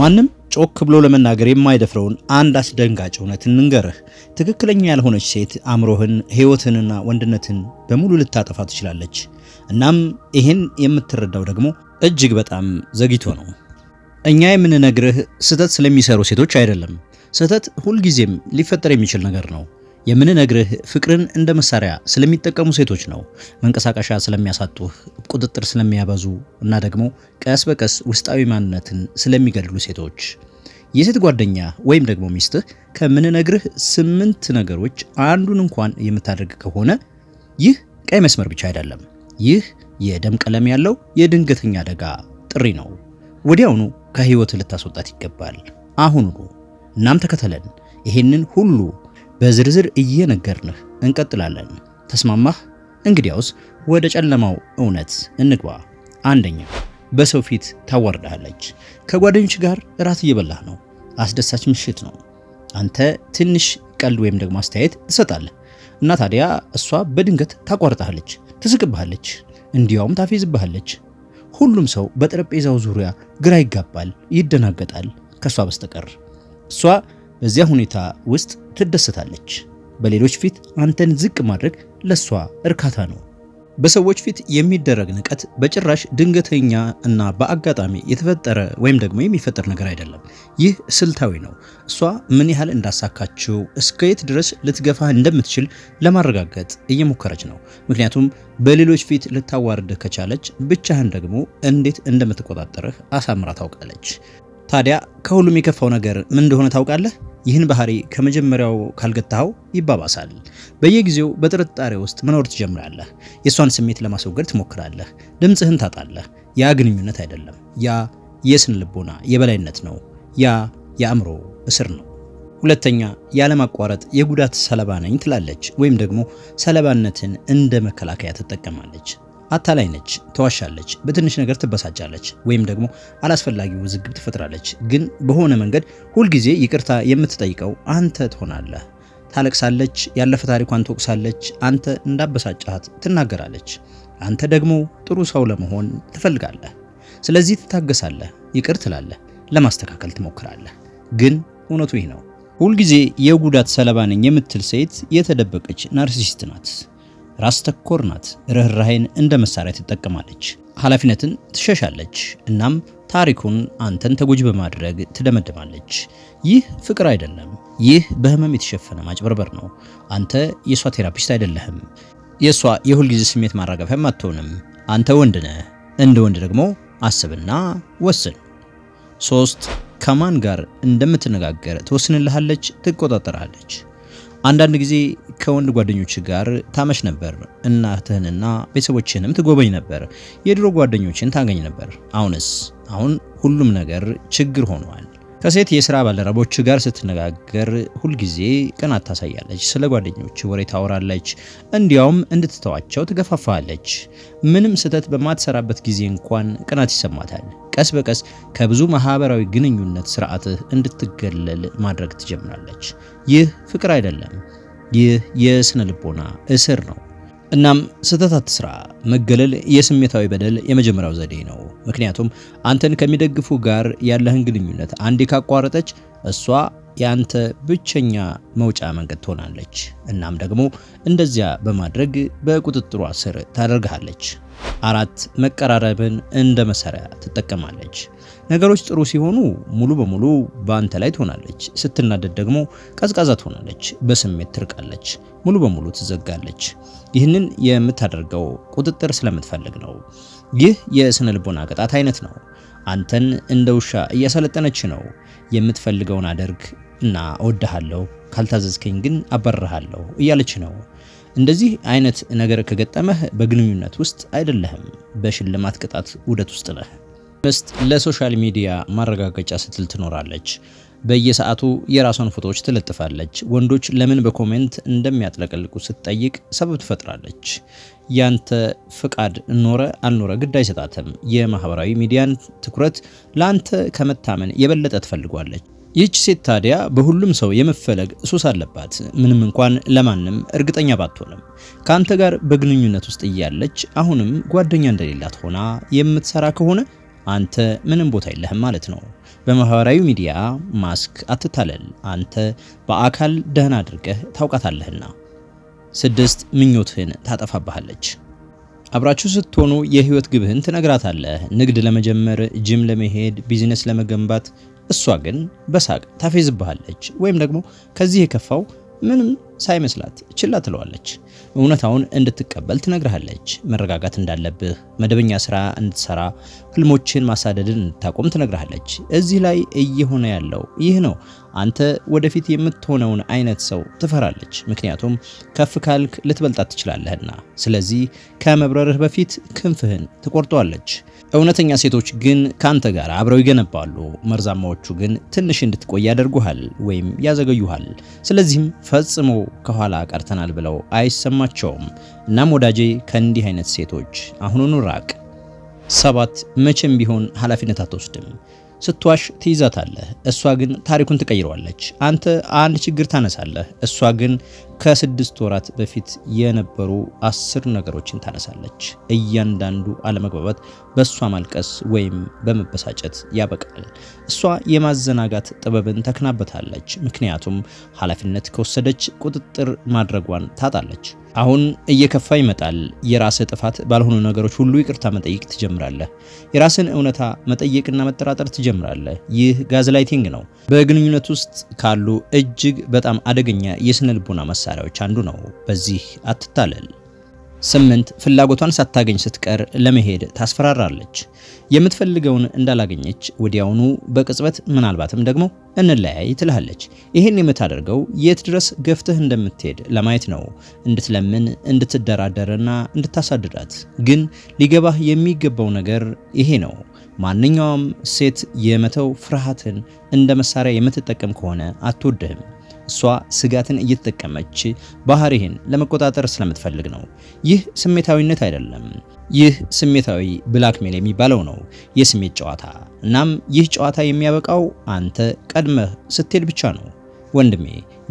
ማንም ጮክ ብሎ ለመናገር የማይደፍረውን አንድ አስደንጋጭ እውነት እንንገርህ። ትክክለኛ ያልሆነች ሴት አእምሮህን፣ ሕይወትህንና ወንድነትን በሙሉ ልታጠፋ ትችላለች። እናም ይህን የምትረዳው ደግሞ እጅግ በጣም ዘግይቶ ነው። እኛ የምንነግርህ ስህተት ስለሚሰሩ ሴቶች አይደለም። ስህተት ሁልጊዜም ሊፈጠር የሚችል ነገር ነው። የምንነግርህ ፍቅርን እንደ መሳሪያ ስለሚጠቀሙ ሴቶች ነው። መንቀሳቀሻ ስለሚያሳጡህ፣ ቁጥጥር ስለሚያበዙ እና ደግሞ ቀስ በቀስ ውስጣዊ ማንነትን ስለሚገድሉ ሴቶች። የሴት ጓደኛ ወይም ደግሞ ሚስትህ ከምንነግርህ ስምንት ነገሮች አንዱን እንኳን የምታደርግ ከሆነ ይህ ቀይ መስመር ብቻ አይደለም። ይህ የደም ቀለም ያለው የድንገተኛ አደጋ ጥሪ ነው። ወዲያውኑ ከህይወት ልታስወጣት ይገባል። አሁኑኑ። እናም ተከተለን። ይሄንን ሁሉ በዝርዝር እየነገርንህ እንቀጥላለን። ተስማማህ? እንግዲያውስ ወደ ጨለማው እውነት እንግባ። አንደኛ፣ በሰው ፊት ታዋርዳለች። ከጓደኞች ጋር እራት እየበላህ ነው። አስደሳች ምሽት ነው። አንተ ትንሽ ቀልድ ወይም ደግሞ አስተያየት ትሰጣለህ እና ታዲያ እሷ በድንገት ታቋርጣለች፣ ትስቅብሃለች፣ እንዲያውም ታፌዝብሃለች። ሁሉም ሰው በጠረጴዛው ዙሪያ ግራ ይጋባል፣ ይደናገጣል ከእሷ በስተቀር። እሷ በዚያ ሁኔታ ውስጥ ትደሰታለች። በሌሎች ፊት አንተን ዝቅ ማድረግ ለሷ እርካታ ነው። በሰዎች ፊት የሚደረግ ንቀት በጭራሽ ድንገተኛ እና በአጋጣሚ የተፈጠረ ወይም ደግሞ የሚፈጠር ነገር አይደለም። ይህ ስልታዊ ነው። እሷ ምን ያህል እንዳሳካችው፣ እስከ የት ድረስ ልትገፋ እንደምትችል ለማረጋገጥ እየሞከረች ነው። ምክንያቱም በሌሎች ፊት ልታዋርድህ ከቻለች፣ ብቻህን ደግሞ እንዴት እንደምትቆጣጠርህ አሳምራ ታውቃለች። ታዲያ ከሁሉም የከፋው ነገር ምን እንደሆነ ታውቃለህ? ይህን ባህሪ ከመጀመሪያው ካልገታኸው ይባባሳል። በየጊዜው በጥርጣሬ ውስጥ መኖር ትጀምራለህ። የእሷን ስሜት ለማስወገድ ትሞክራለህ። ድምፅህን ታጣለህ። ያ ግንኙነት አይደለም። ያ የስነ ልቦና የበላይነት ነው። ያ የአእምሮ እስር ነው። ሁለተኛ፣ ያለማቋረጥ የጉዳት ሰለባ ነኝ ትላለች፣ ወይም ደግሞ ሰለባነትን እንደ መከላከያ ትጠቀማለች። አታላይ ነች፣ ተዋሻለች፣ በትንሽ ነገር ትበሳጫለች፣ ወይም ደግሞ አላስፈላጊ ውዝግብ ትፈጥራለች። ግን በሆነ መንገድ ሁልጊዜ ይቅርታ የምትጠይቀው አንተ ትሆናለህ። ታለቅሳለች፣ ያለፈ ታሪኳን ትወቅሳለች፣ አንተ እንዳበሳጫት ትናገራለች። አንተ ደግሞ ጥሩ ሰው ለመሆን ትፈልጋለህ። ስለዚህ ትታገሳለህ፣ ይቅር ትላለህ፣ ለማስተካከል ትሞክራለህ። ግን እውነቱ ይህ ነው። ሁልጊዜ የጉዳት ሰለባ ነኝ የምትል ሴት የተደበቀች ናርሲሲስት ናት። ራስ ተኮር ናት። ርኅራኄን እንደ መሳሪያ ትጠቀማለች፣ ኃላፊነትን ትሸሻለች። እናም ታሪኩን አንተን ተጎጂ በማድረግ ትደመድማለች። ይህ ፍቅር አይደለም። ይህ በህመም የተሸፈነ ማጭበርበር ነው። አንተ የእሷ ቴራፒስት አይደለህም። የእሷ የሁልጊዜ ስሜት ማራገፊያም አትሆንም። አንተ ወንድ ነህ። እንደ ወንድ ደግሞ አስብና ወስን። ሶስት ከማን ጋር እንደምትነጋገር ትወስንልሃለች፣ ትቆጣጠራለች? አንዳንድ ጊዜ ከወንድ ጓደኞች ጋር ታመሽ ነበር። እናትህንና ቤተሰቦችህንም ትጎበኝ ነበር። የድሮ ጓደኞችን ታገኝ ነበር። አሁንስ? አሁን ሁሉም ነገር ችግር ሆኗል። ከሴት የስራ ባልደረቦች ጋር ስትነጋገር ሁልጊዜ ቅናት ታሳያለች። ስለ ጓደኞች ወሬ ታወራለች፣ እንዲያውም እንድትተዋቸው ትገፋፋለች። ምንም ስህተት በማትሰራበት ጊዜ እንኳን ቅናት ይሰማታል። ቀስ በቀስ ከብዙ ማህበራዊ ግንኙነት ስርዓትህ እንድትገለል ማድረግ ትጀምራለች። ይህ ፍቅር አይደለም፣ ይህ የስነ ልቦና እስር ነው። እናም ስህተት አትስራ። መገለል የስሜታዊ በደል የመጀመሪያው ዘዴ ነው። ምክንያቱም አንተን ከሚደግፉ ጋር ያለህን ግንኙነት አንዴ ካቋረጠች እሷ የአንተ ብቸኛ መውጫ መንገድ ትሆናለች። እናም ደግሞ እንደዚያ በማድረግ በቁጥጥሯ ስር ታደርግሃለች። አራት መቀራረብን እንደ መሳሪያ ትጠቀማለች። ነገሮች ጥሩ ሲሆኑ ሙሉ በሙሉ በአንተ ላይ ትሆናለች። ስትናደድ ደግሞ ቀዝቃዛ ትሆናለች። በስሜት ትርቃለች፣ ሙሉ በሙሉ ትዘጋለች። ይህንን የምታደርገው ቁጥጥር ስለምትፈልግ ነው። ይህ የስነ ልቦና ቅጣት አይነት ነው። አንተን እንደ ውሻ እያሰለጠነች ነው። የምትፈልገውን አድርግ እና እወድሃለሁ፣ ካልታዘዝከኝ ግን አባርሃለሁ እያለች ነው። እንደዚህ አይነት ነገር ከገጠመህ በግንኙነት ውስጥ አይደለህም፣ በሽልማት ቅጣት ውደት ውስጥ ነህ። ምስት ለሶሻል ሚዲያ ማረጋገጫ ስትል ትኖራለች። በየሰዓቱ የራሷን ፎቶዎች ትለጥፋለች። ወንዶች ለምን በኮሜንት እንደሚያጥለቀልቁ ስትጠይቅ ሰበብ ትፈጥራለች። ያንተ ፍቃድ ኖረ አልኖረ ግድ አይሰጣትም። የማህበራዊ ሚዲያን ትኩረት ለአንተ ከመታመን የበለጠ ትፈልጓለች። ይህች ሴት ታዲያ በሁሉም ሰው የመፈለግ ሱስ አለባት። ምንም እንኳን ለማንም እርግጠኛ ባትሆንም ከአንተ ጋር በግንኙነት ውስጥ እያለች አሁንም ጓደኛ እንደሌላት ሆና የምትሰራ ከሆነ አንተ ምንም ቦታ የለህም ማለት ነው። በማህበራዊ ሚዲያ ማስክ አትታለል። አንተ በአካል ደህና አድርገህ ታውቃታለህና። ስድስት ምኞትህን ታጠፋብሃለች። አብራችሁ ስትሆኑ የህይወት ግብህን ትነግራታለህ። ንግድ ለመጀመር፣ ጅም ለመሄድ፣ ቢዝነስ ለመገንባት። እሷ ግን በሳቅ ታፌዝብሃለች። ወይም ደግሞ ከዚህ የከፋው ምንም ሳይመስላት ችላ ትለዋለች። እውነታውን እንድትቀበል ትነግርሃለች። መረጋጋት እንዳለብህ፣ መደበኛ ስራ እንድትሰራ፣ ህልሞችን ማሳደድን እንድታቆም ትነግርሃለች። እዚህ ላይ እየሆነ ያለው ይህ ነው። አንተ ወደፊት የምትሆነውን አይነት ሰው ትፈራለች። ምክንያቱም ከፍ ካልክ ልትበልጣት ትችላለህና። ስለዚህ ከመብረርህ በፊት ክንፍህን ትቆርጠዋለች። እውነተኛ ሴቶች ግን ካንተ ጋር አብረው ይገነባሉ። መርዛማዎቹ ግን ትንሽ እንድትቆይ ያደርጉሃል ወይም ያዘገዩሃል። ስለዚህም ፈጽሞ ከኋላ ቀርተናል ብለው አይሰማቸውም። እናም ወዳጄ ከእንዲህ አይነት ሴቶች አሁኑኑ ራቅ። ሰባት መቼም ቢሆን ኃላፊነት አትወስድም። ስትዋሽ ትይዛታለህ፣ እሷ ግን ታሪኩን ትቀይረዋለች። አንተ አንድ ችግር ታነሳለህ፣ እሷ ግን ከስድስት ወራት በፊት የነበሩ አስር ነገሮችን ታነሳለች። እያንዳንዱ አለመግባባት በእሷ ማልቀስ ወይም በመበሳጨት ያበቃል። እሷ የማዘናጋት ጥበብን ተክናበታለች፣ ምክንያቱም ኃላፊነት ከወሰደች ቁጥጥር ማድረጓን ታጣለች። አሁን እየከፋ ይመጣል። የራስህ ጥፋት ባልሆኑ ነገሮች ሁሉ ይቅርታ መጠየቅ ትጀምራለህ። የራስን እውነታ መጠየቅና መጠራጠር ትጀምራለህ። ይህ ጋዝላይቲንግ ነው። በግንኙነት ውስጥ ካሉ እጅግ በጣም አደገኛ የስነ ልቦና መሳሪያዎች አንዱ ነው። በዚህ አትታለል። ስምንት ፍላጎቷን ሳታገኝ ስትቀር ለመሄድ ታስፈራራለች። የምትፈልገውን እንዳላገኘች ወዲያውኑ በቅጽበት ምናልባትም ደግሞ እንለያይ ትልሃለች። ይህን የምታደርገው የት ድረስ ገፍትህ እንደምትሄድ ለማየት ነው፣ እንድትለምን እንድትደራደርና እንድታሳድዳት። ግን ሊገባህ የሚገባው ነገር ይሄ ነው። ማንኛውም ሴት የመተው ፍርሃትን እንደ መሳሪያ የምትጠቀም ከሆነ አትወድህም። እሷ ስጋትን እየተጠቀመች ባህሪህን ለመቆጣጠር ስለምትፈልግ ነው። ይህ ስሜታዊነት አይደለም። ይህ ስሜታዊ ብላክሜል የሚባለው ነው፣ የስሜት ጨዋታ። እናም ይህ ጨዋታ የሚያበቃው አንተ ቀድመህ ስትሄድ ብቻ ነው። ወንድሜ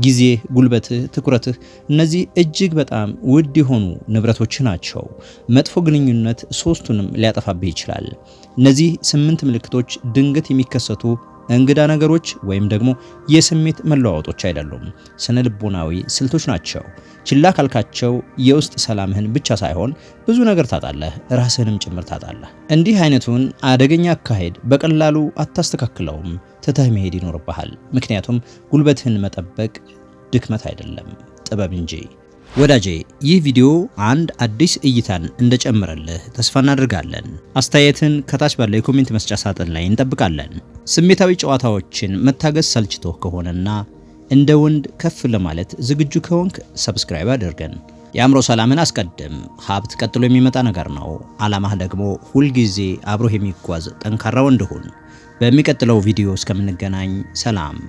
ጊዜ፣ ጉልበትህ፣ ትኩረትህ እነዚህ እጅግ በጣም ውድ የሆኑ ንብረቶች ናቸው። መጥፎ ግንኙነት ሶስቱንም ሊያጠፋብህ ይችላል። እነዚህ ስምንት ምልክቶች ድንገት የሚከሰቱ እንግዳ ነገሮች ወይም ደግሞ የስሜት መለዋወጦች አይደሉም፣ ስነ ልቦናዊ ስልቶች ናቸው። ችላ ካልካቸው የውስጥ ሰላምህን ብቻ ሳይሆን ብዙ ነገር ታጣለህ፣ ራስህንም ጭምር ታጣለህ። እንዲህ አይነቱን አደገኛ አካሄድ በቀላሉ አታስተካክለውም፣ ትተህ መሄድ ይኖርብሃል። ምክንያቱም ጉልበትህን መጠበቅ ድክመት አይደለም ጥበብ እንጂ። ወዳጄ ይህ ቪዲዮ አንድ አዲስ እይታን እንደጨመረልህ ተስፋ እናደርጋለን። አስተያየትን ከታች ባለው የኮሜንት መስጫ ሳጥን ላይ እንጠብቃለን። ስሜታዊ ጨዋታዎችን መታገስ ሰልችቶ ከሆነና እንደ ወንድ ከፍ ለማለት ዝግጁ ከሆንክ ሰብስክራይብ አድርገን የአእምሮ ሰላምን አስቀድም። ሀብት ቀጥሎ የሚመጣ ነገር ነው። አላማህ ደግሞ ሁልጊዜ አብሮህ የሚጓዝ ጠንካራ ወንድ ሁን። በሚቀጥለው ቪዲዮ እስከምንገናኝ ሰላም።